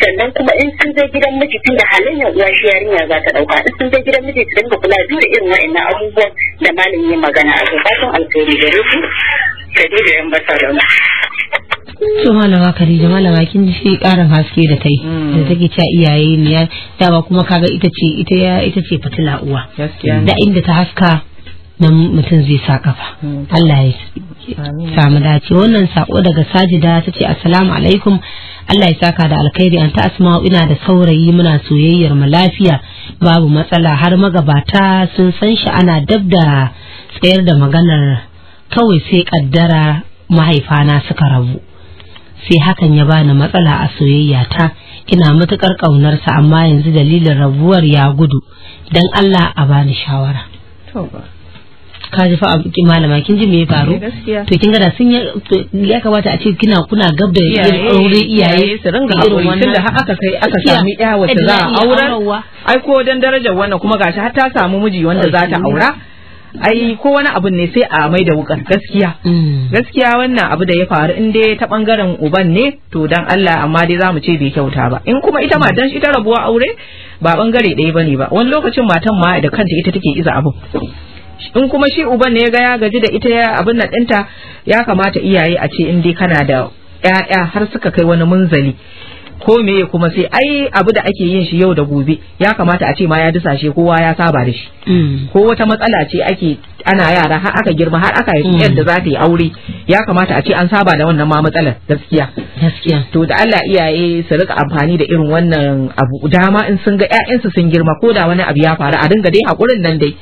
sannan kuma in sun zai gidan miji tun da halayyar uwa shi yarinya za ta ɗauka in sun zai gidan miji su dinga kula biyu da irin wa'annan abubuwan da malamin yin magana a gabatun alkhairi gare da je da yan basa da su malama da malama kin ji shi karin haske da tai mm. da take cewa iyaye ne ya dama kuma kaga ita ce ita ya ita ce fitila uwa da inda ta haska nan mutum zai sa kafa mm. Allah ya samu dace wannan sako daga sajida ta ce assalamu alaikum Allah ya saka da alkhairi an ta asma'u ina da saurayi muna soyayyar mu lafiya babu matsala har magabata sun san shi ana dab da tsayar da maganar kawai sai kaddara mahaifana suka rabu sai hakan ya bani matsala a soyayya ta ina matukar ƙaunarsa amma yanzu dalilin rabuwar ya gudu don Allah a bani shawara. ka ji fa abin malama kin ji me ya faru eh, to kin ga da sun ya kamata a ce kina kuna gab da aure iyaye su ringa aure tunda aka kai aka sami ya wata za a auren ai ko dan darajar wannan kuma gashi har ta samu miji wanda za ta aura ai ko wani abu ne sai a mai da wukar gaskiya mm. gaskiya wannan abu da ya faru in dai ta bangaren uban ne to dan Allah amma dai zamu ce bai kyauta ba in kuma ita ma shi ita rabuwa aure ba bangare ɗaya bane ba wani lokacin matan ma da kanta ita take iza abu in kuma shi uban ne ya ga ya gaji da ita ya abin nan ɗinta ya kamata iyaye a ce in dai kana da ƴaƴa har suka kai wani munzali ko meye kuma sai ai abu da ake yin shi yau da gobe ya kamata a ce ma ya dusashe kowa ya saba da shi mm. ko wata matsala ce ake ana yara har aka girma har aka yi yadda za ta yi aure ya kamata a ce an saba da wannan ma matsalar gaskiya gaskiya to da Allah iyaye su rika amfani da irin wannan abu dama in sun ga ƴaƴansu sun girma ko da wani abu ya faru a dinga dai hakurin nan dai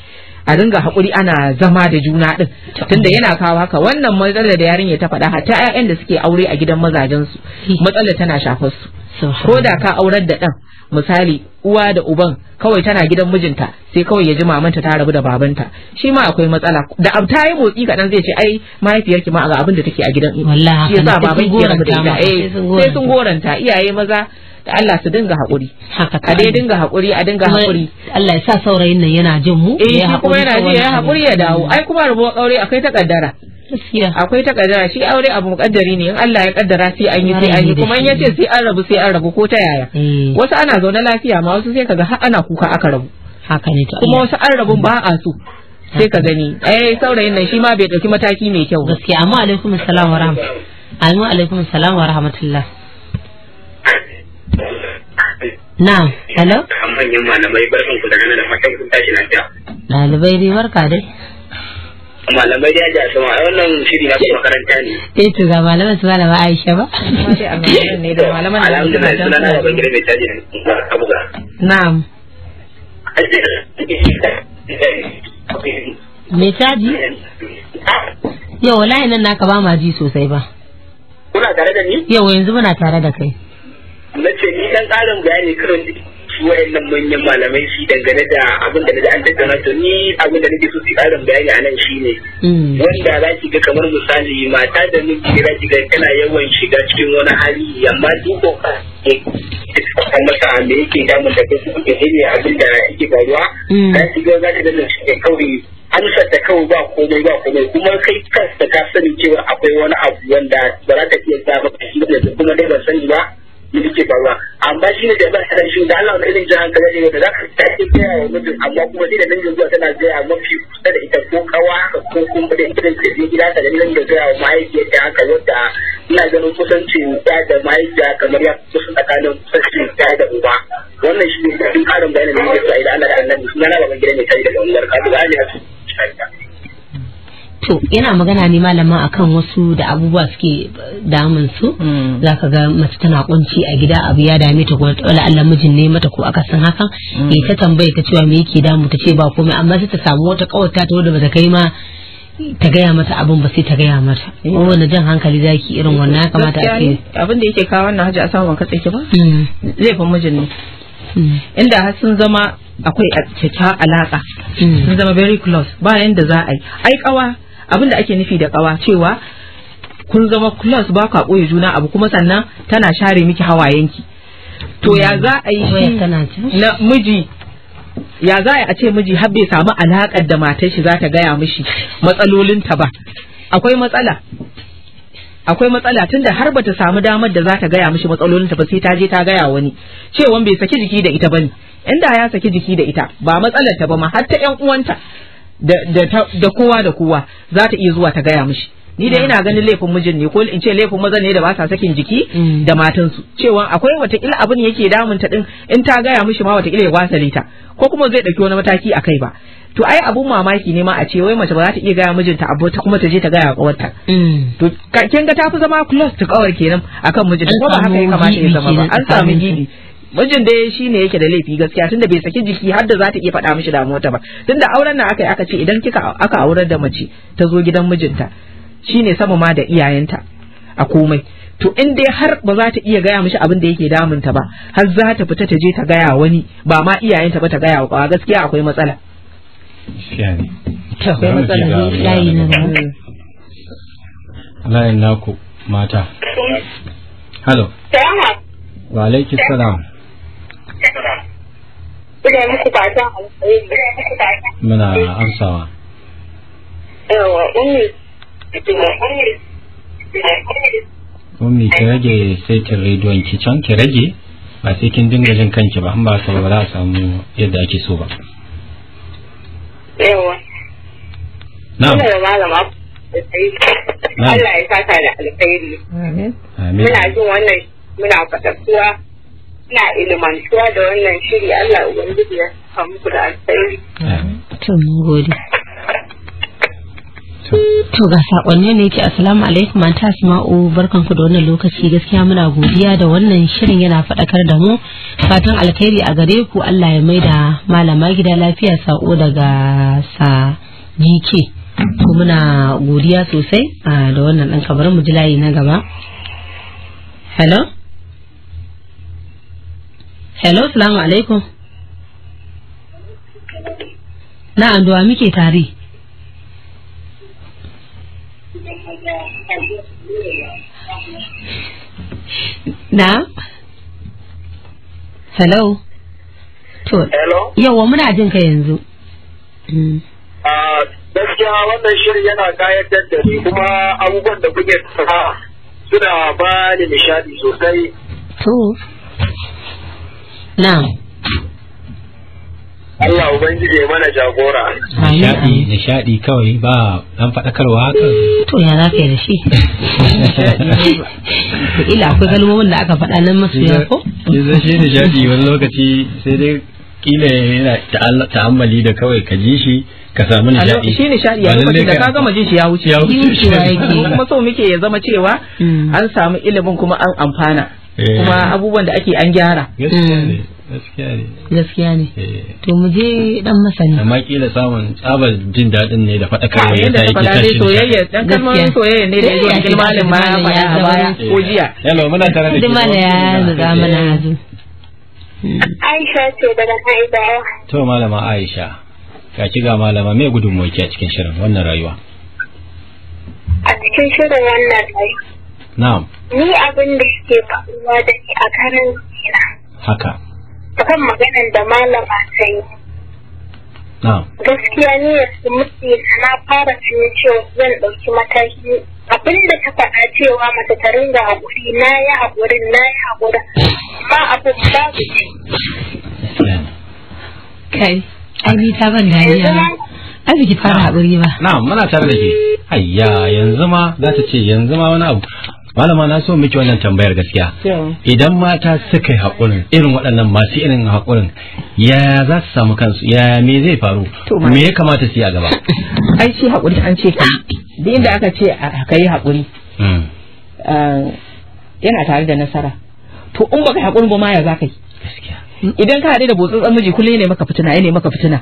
a dinga haƙuri ana zama da juna din tunda yana kawo haka wannan matsalar da yarinya ta faɗa hatta 'ya'yan da suke aure a gidan mazajen su matsalar tana shafar su ko da ka aurar da ɗan misali uwa da uban kawai tana gidan mijinta sai kawai ya ji mamanta ta rabu da babanta shi ma akwai matsala da abta yi motsi kaɗan zai ce ai mahaifiyarki ma ga abin da take a gidan shi yasa baban ki rabu da ita eh, sai sun goranta iyaye maza da Allah su dinga haƙuri a dai dinga haƙuri a dinga haƙuri Allah ya sa saurayin nan yana jin mu eh shi kuma yana ji ya haƙuri ya dawo ai kuma rubuwa aure akwai ta kaddara akwai ta kaddara shi aure abu mukaddari ne in Allah ya kaddara sai an yi sai an yi kuma in ce sai an rabu sai an rabu ko ta yaya eh. wasu ana zaune lafiya ma wasu sai kaga har ana kuka aka rabu haka ne kuma wasu an rabu ba a so sai ka gani eh saurayin nan shi ma bai dauki mataki mai kyau gaskiya amma alaikum assalam wa rahmatullah alaikum assalam wa rahmatullah na hello? An manyan malamai barkan ku da rana da fatan kun tashi lafiya. Ɗalibai dai barka dai. Malamai dai da sama a wannan shiri na makaranta ne. Eh to ga malamai su malama Aisha ba. ne da malaman da Alhamdulillah sunana da bangire Na'am. Mai caji? Yau wallahi nan naka ba ma ji sosai ba. Kuna tare da ni? Yau yanzu muna tare da kai. na ce ni dan karin bayani kan su wa'annan manyan malamai shi dangane da abin da naji an tattauna to ni abin da nake so su karin bayani a nan shine mm. wanda za ki ga kamar misali mata da miji za ki ga tana yawan shiga cikin wani hali amma duk ka kan masa me yake damun da kai kuke ne abin da yake faruwa mm. za ki ga za ki ga kawai amsar da kawai ba komai ba komai kuma kai kansa ka sani cewa akwai wani abu wanda ba za ka iya sa ba kuma dai ban sani ba yake faruwa amma shi ne jami'ar hadan shi da Allah wani irin jihar kaza ne da za ka tashi gaya wa mutum amma kuma sai da nan zuwa tana gaya mafi kusa da ita ko kawa ko kuma da irin ka je gida ta ga nan da gaya wa mahaifiyar haka yadda ina ganin kusanci ya da mahaifiya kamar ya kusa tsakanin kusancin ya da uba wannan shi ne da karin bayanin da yake so idan Allah da annabi sunana baban gida mai kai daga unguwar Kaduna yi a cikin to yana magana ne malama akan wasu da abubuwa suke damun su hmm. za ka ga mace tana kunci a gida abu ya dame ta ko wala Allah mijin ne mata ko aka san hakan eh ta tambaye ta cewa me yake damu ta ce ba komai amma sai ta samu wata kawarta ta wanda bata kai ma ta gaya mata abun ba sai ta gaya mata hmm. wanda jan hankali zaki irin wannan ya kamata a ce abin da yake kawo wannan hajji a samu ka tsaki ba zai fa mijin ne inda har sun zama akwai cikin alaka sun zama very close ba yanda za a yi ai kawa abin da ake nufi da kawa cewa kun zama klas ba ka ɓoye juna abu kuma sannan tana share miki hawayenki to ya za a yi na miji ya za a ce miji har bai samu alaƙar da matar shi za ta gaya mishi matsalolinta ba akwai matsala akwai matsala tunda har bata samu damar da za ta gaya mishi matsalolinta ba sai ta je ta gaya wani cewa bai saki jiki da ita bane inda ya saki jiki da ita ba matsalar ta ba ma har ta yan uwanta da kowa da kowa za ta iya zuwa ta gaya mishi ni da mm. ina ganin laifin mijin ne ko in ce laifin maza ne da ba sa sakin jiki mm. da matansu cewa akwai wataƙila abin yake damun ta din in ta gaya mishi ma wataƙila ya wasale ta ko kuma zai ɗauki wani mataki a kai ba to ai abun mamaki ne ma a ce wai mace ba za ta iya gaya mijinta abu ta kuma ta je ta gaya kawarta mm. to kin ga ta fi zama close to kawar kenan akan mijinta ko ba haka ya kamata ya zama ba an samu gidi mijin da shi ne yake da laifi gaskiya tunda bai saki jiki har da za ta iya faɗa mishi damuwarta ba tunda auren nan aka yi aka ce idan kika aka aurar da mace ta zo gidan mijinta shine sama ma da iyayenta a komai to in dai har ba za ta iya gaya mishi abin da yake ta ba har za ta fita ta je ta gaya wani ba ma iyayenta ba ta gaya wa gaskiya akwai matsala layin naku mata hello wa alaikis salam Ina muku fatan alkhairi. Muna amsawa. Yawa, ki rage saitin rediyon ki can ki rage ba sai kin dinga jin kanki ba an ba ka ba za a samu yadda ake so ba. Yawa. Na'am. Ina da malama Allah ya saka da alkhairi. Amin. Muna jin wannan muna fatattuwa ina ilimantuwa da wannan shiri Allah ubangiji ya samu muku da alkhairi to mun gode To ga saƙonni ne ke assalamu alaikum an ta Asma'u barkanku da wannan lokaci gaskiya muna godiya da wannan shirin yana faɗakar da mu fatan alkhairi a gare ku Allah ya maida malama gida lafiya sako daga sa GK Ko muna godiya sosai ah, da wannan ɗan kabarin mu ji layi na gaba Hello hello salamu alaikum na anduwa muke tare na hello to hello yawa muna jin ka yanzu mm. ah, gaskiya wannan shirin yana kayatar da ni kuma abubuwan da kuke suna ba ni nishadi sosai to na'am Allah Ubangiji ya mana jagora. Nishadi, nishadi kawai ba dan fadakarwa. haka. Eh, to ya za ka yi da shi? Ila akwai kalmomin da aka faɗa nan masu ya ko? Yanzu shi nishadi wani lokaci sai dai kila yana ta'ammali da kawai ka ji shi ka samu nishadi. Shi nishadi ya lokaci da ka gama ji shi ya wuce. Ya wuce. Kuma so muke ya zama cewa hmm. an samu ilimin kuma an amfana. Eh. kuma abubuwan da ake an gyara gaskiya mm. ne gaskiya ne eh. to mu je dan masani amma kila samun tsabar jin daɗin ne da faɗakarwa ya ta yake tashi soyayya dan kalmomin soyayya ne da yake zo cikin ma ya faɗa baya ko jiya yalo eh. muna tare da ne ya zuga mana hazu Aisha ce daga Haidaya to malama Aisha ka kiga malama me gudunmuwa ke a cikin shirin wannan rayuwa a cikin shirin wannan rayuwa na'am ni abin da yake faruwa da ni a karin na haka kan maganan da malam a sai na'am gaskiya ni su mutu na fara yi cewa zan ɗauki mataki abin da ta faɗa cewa mata ta ringa haƙuri na yi haƙuri na yi haƙurin ba abin babu kai ai ni ta ban dariya ai biki fara haƙuri ba na'am muna tare da ke ayya yanzu ma za ta ce yanzu ma wani abu malama na so miki wannan tambayar gaskiya idan mata suka yi haƙurin irin waɗannan masu irin haƙurin ya za su samu kansu ya me zai faru me ya kamata su yi a gaba ai shi haƙuri an ce ka da inda aka ce ka yi haƙuri hmm. eh, yana tare da nasara to in baka haƙurin ba ma ya za ka yi gaskiya idan ka haɗu da botsotsan miji kullum ne maka fitina ne maka fitina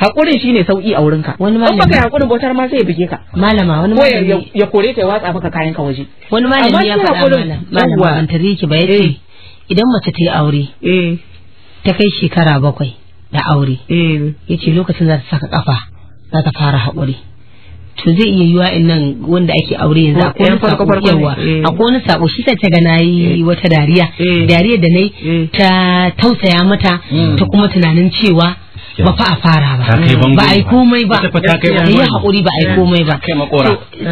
hakuri shine sauki a wurinka wani malami in baka hakurin bautar ma sai ya buge ka malama wani malami ya kore ta ya watsa maka kayan ka waje wani malami ya faɗa Malam malama ban tare ki ba ce eh. idan mace ta yi aure eh. ta kai shekara bakwai da aure eh. yace lokacin za ta saka kafa za ta fara hakuri to zai iya yiwa in nan wanda ake aure yanzu a kowane sako yawa a kowane sako shi sai ta ga yi eh. wata dariya eh. dariya da nai eh. ta tausaya mata hmm. ta kuma tunanin cewa ba fa a fara ba ba a yi komai ba da yi haƙuri ba a yi komai ba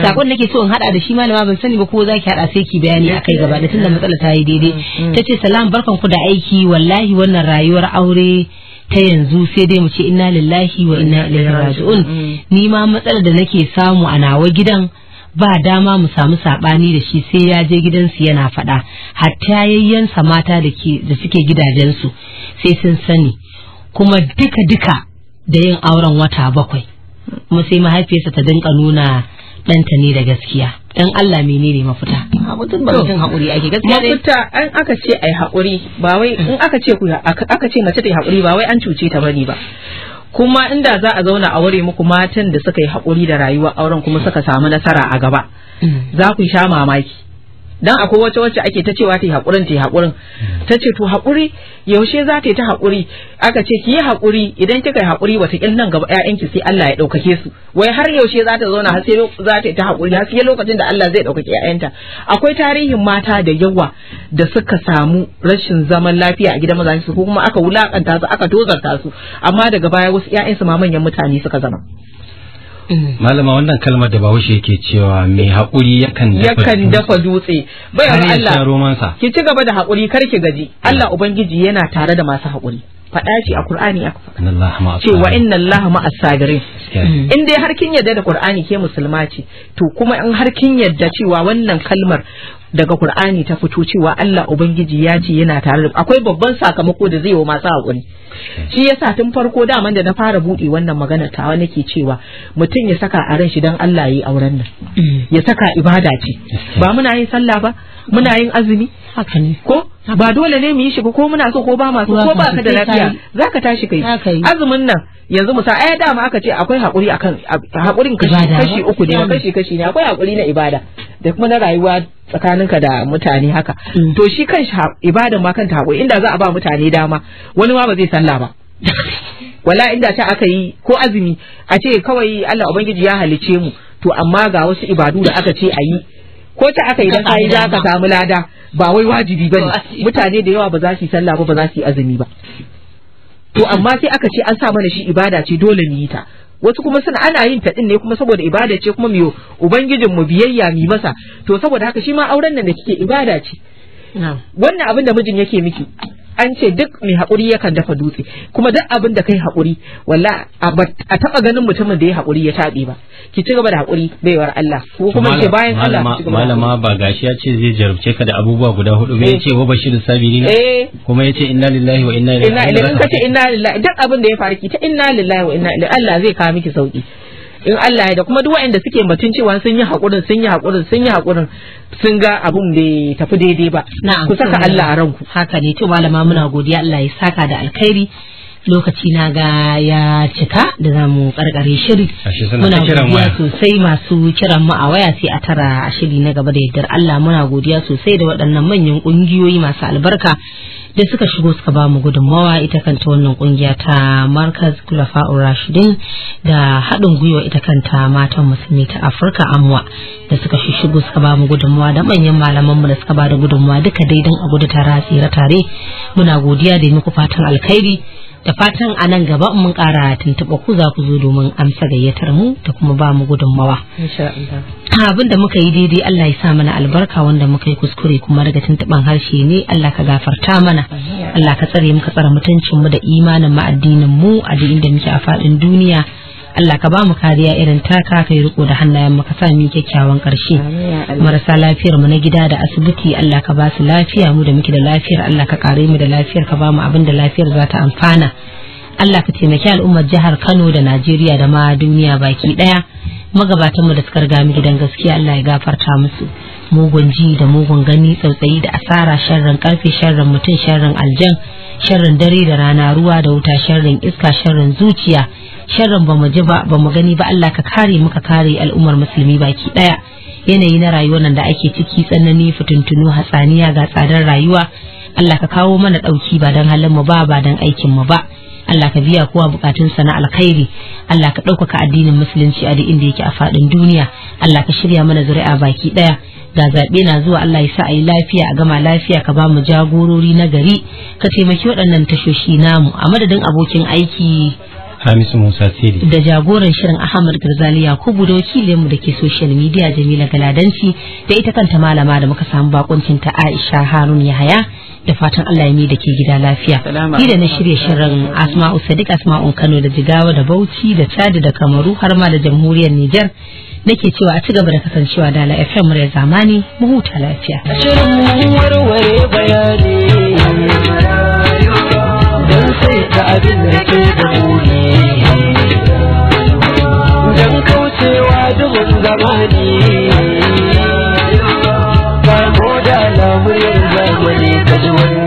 sakon ke so in haɗa da shi malama ban sani ba ko za ki haɗa sai ki bayani a kai gaba da tunda matsala ta yi daidai hmm. ta ce salam barkan ku da aiki wallahi wannan rayuwar aure ta yanzu sai dai mu ce inna lillahi wa inna ilaihi raji'un mm. ni ma matsalar da nake samu a nawa gidan ba dama mu samu sabani da shi sai ya je gidansu yana faɗa hatta yayyansa mata da suke gidajensu sai sun sani kuma duka duka da yin auren wata bakwai kuma sai mahaifiyarsa ta dinka nuna ɗanta ne da gaskiya dan Allah menene mafita mutum ba mutum hakuri ake gaskiya dai mafita an aka ce ai hakuri ba wai in aka ce ku aka ce mace ta yi hakuri ba wai an cuce ta bane ba kuma inda za a zauna a wuri muku matan da suka yi hakuri da rayuwa auren kuma suka samu nasara a gaba mm. za ku sha mamaki dan akwai wata wacce ake ta cewa ta yi hakurin ta yi haƙurin ta ce to hakuri yaushe za ta yi ta haƙuri aka ce ki yi haƙuri idan kika yi hakuri wata nan gaba ƴaƴanki sai Allah ya ɗaukake su wai har yaushe za ta zauna har za ta yi ta haƙuri har sai lokacin da Allah zai ɗaukake ƴaƴanta akwai tarihin mata da yawa da suka samu rashin zaman lafiya a gidan mazajen su ko kuma aka wulakanta su aka tozarta su amma daga baya wasu ƴaƴansu ma manyan mutane suka zama Mm. malama wannan kalmar da bahaushe yake cewa mai hakuri yakan dafa dutse bayan Allah ki ci gaba da hakuri kar ki gaji mm. Allah ubangiji yana tare da masu hakuri. faɗa ce a ƙur'ani aka faɗa ce wa inna Allah ma'a as-sabirin mm. in dai har kin yarda da ƙur'ani ke musulma ce to kuma in har kin yarda cewa wannan kalmar daga ƙur'ani ta fito cewa Allah Ubangiji ya ce yana tare da akwai babban sakamako da zai wa masu haƙuri shi ya sa tun farko daman da na fara buɗe wannan magana tawa nake cewa mutum ya saka a ran shi dan Allah yi auren nan mm. ya saka ibada ce ba muna yin sallah ba muna yin azumi haka ne ko ba dole ne mu yi shiga ko muna so ko ba masu ko ba ka da lafiya zaka tashi kai azumin nan yanzu musa ai eh, dama aka ce akwai hakuri akan hakurin kashi kashi uku ne kashi kashi ne akwai hakuri na ibada da kuma na rayuwa tsakaninka da mutane haka mm. to shi kan ibadan ma kanta hakuri inda za a ba mutane dama wani ma ba zai sallah ba wala inda ta aka yi ko azumi a ce kawai Allah ubangiji ya halice mu to amma ga wasu ibadu da aka ce ayi. ko ta aka idan sai za ka samu lada ba wai wajibi bane mutane da yawa ba za su yi sallah ba ba za su yi azumi ba to amma sai aka ce an sa mana shi ibada ce dole mu yi ta wasu kuma suna ana yin ta din ne kuma saboda ibada ce kuma mu ubangijin mu biyayya mi masa to saboda haka shi ma auren nan da kike ibada ce wannan abin da mijin yake miki an ce duk mai haƙuri yakan dafa dutse kuma duk abin da kai haƙuri walla a taɓa ganin mutumin da ya haƙuri ya taɓe ba ki ci gaba da haƙuri baiwar Allah ko kuma ce bayan Allah malama ba gashi ya ce zai jarumce ka da abubuwa guda hudu ba yace eh. wa bashir sabiri eh. kuma yace inna lillahi wa inna ilaihi raji'un inna lillahi duk abin da ya faru ki ta inna lillahi wa inna ilaihi Allah zai kawo miki sauki in Allah ya da kuma duk waɗanda suke batun cewa sun yi hakurin sun yi hakurin sun yi hakurin sun ga abun bai tafi daidai ba ku saka Allah a ranku haka ne to malama muna godiya Allah ya saka da alkhairi lokaci na ga ya cika da za mu karkare shiri muna godiya sosai masu kiran mu a waya sai a tara a shiri na gaba da yardar Allah muna godiya sosai da waɗannan manyan ƙungiyoyi masu albarka da suka shigo suka ba mu gudunmawa ita kanta wannan kungiya ta markaz kulafa rashidin da haɗin gwiwa ita kanta matan musulmi ta afirka amwa da suka shigo suka ba mu gudunmawa da manyan malaman mu da suka ba da gudunmawa duka daidan a gudu tare a tsira tare muna godiya da muku fatan alkhairi da fatan a nan gaba mun kara tuntuɓa ku za ku zo domin amsa gayyatar mu da kuma ba mu gudunmawa. abin da muka yi daidai Allah ya sa mana albarka wanda muka yi kuskure kuma daga tuntuɓan harshe ne Allah ka gafarta mana Allah ka tsare muka tsare mutuncin mu da imanin mu addinin mu a duk inda muke a faɗin duniya Allah ka ba mu kariya irin taka kai riko da hannayen mu ka sa mu kyakkyawan ƙarshe marasa lafiyar mu na gida da asibiti Allah ka ba su lafiya mu da muke da lafiyar Allah ka kare mu da lafiyar ka ba mu abin da lafiyar za ta amfana Allah ka taimaki al'ummar jihar Kano da Najeriya da ma duniya baki daya magabatanmu da suka riga mu gidan gaskiya Allah ya gafarta musu mugun ji da mugun gani tsautsayi da asara sharrin karfe sharrin mutum sharrin aljan sharrin dare da rana ruwa da wuta sharrin iska sharrin zuciya sharrin ba ji ba ba mu gani ba Allah ka kare muka kare al'ummar musulmi baki daya yanayi na rayuwar nan da ake ciki tsanani fitintunu hatsaniya ga tsadar rayuwa Allah ka kawo mana dauki ba dan halin mu ba ba dan aikin mu ba Allah ka biya kowa bukatunsa na alkhairi Allah ka ɗaukaka addinin musulunci a duk inda yake a faɗin duniya Allah ka shirya mana zuri'a baki ɗaya ga zaɓe na zuwa Allah ya sa a yi lafiya a gama lafiya ka ba mu jagorori na gari ka taimaki waɗannan tashoshi namu a madadin abokin aiki Hamisu Musa Sidi. Da jagoran shirin Ahmad Garzali Yakubu da wakilinmu da ke social media Jamila Galadanci da ita kanta malama da muka samu bakuncin ta Aisha Harun Yahaya da fatan Allah ya mi da ke gida lafiya. Ni da na shirya shirin Asma'u Sadiq Asma'u Kano da Jigawa da Bauchi da Chad da Kamaru har ma da Jamhuriyar Nijar. Nake cewa a ci gaba da kasancewa da la FM murya zamani mu huta lafiya. Shirin warware bayani da abin da ke da muni don kaucewa duhun zamani farko da lamurin zamani ta ji wani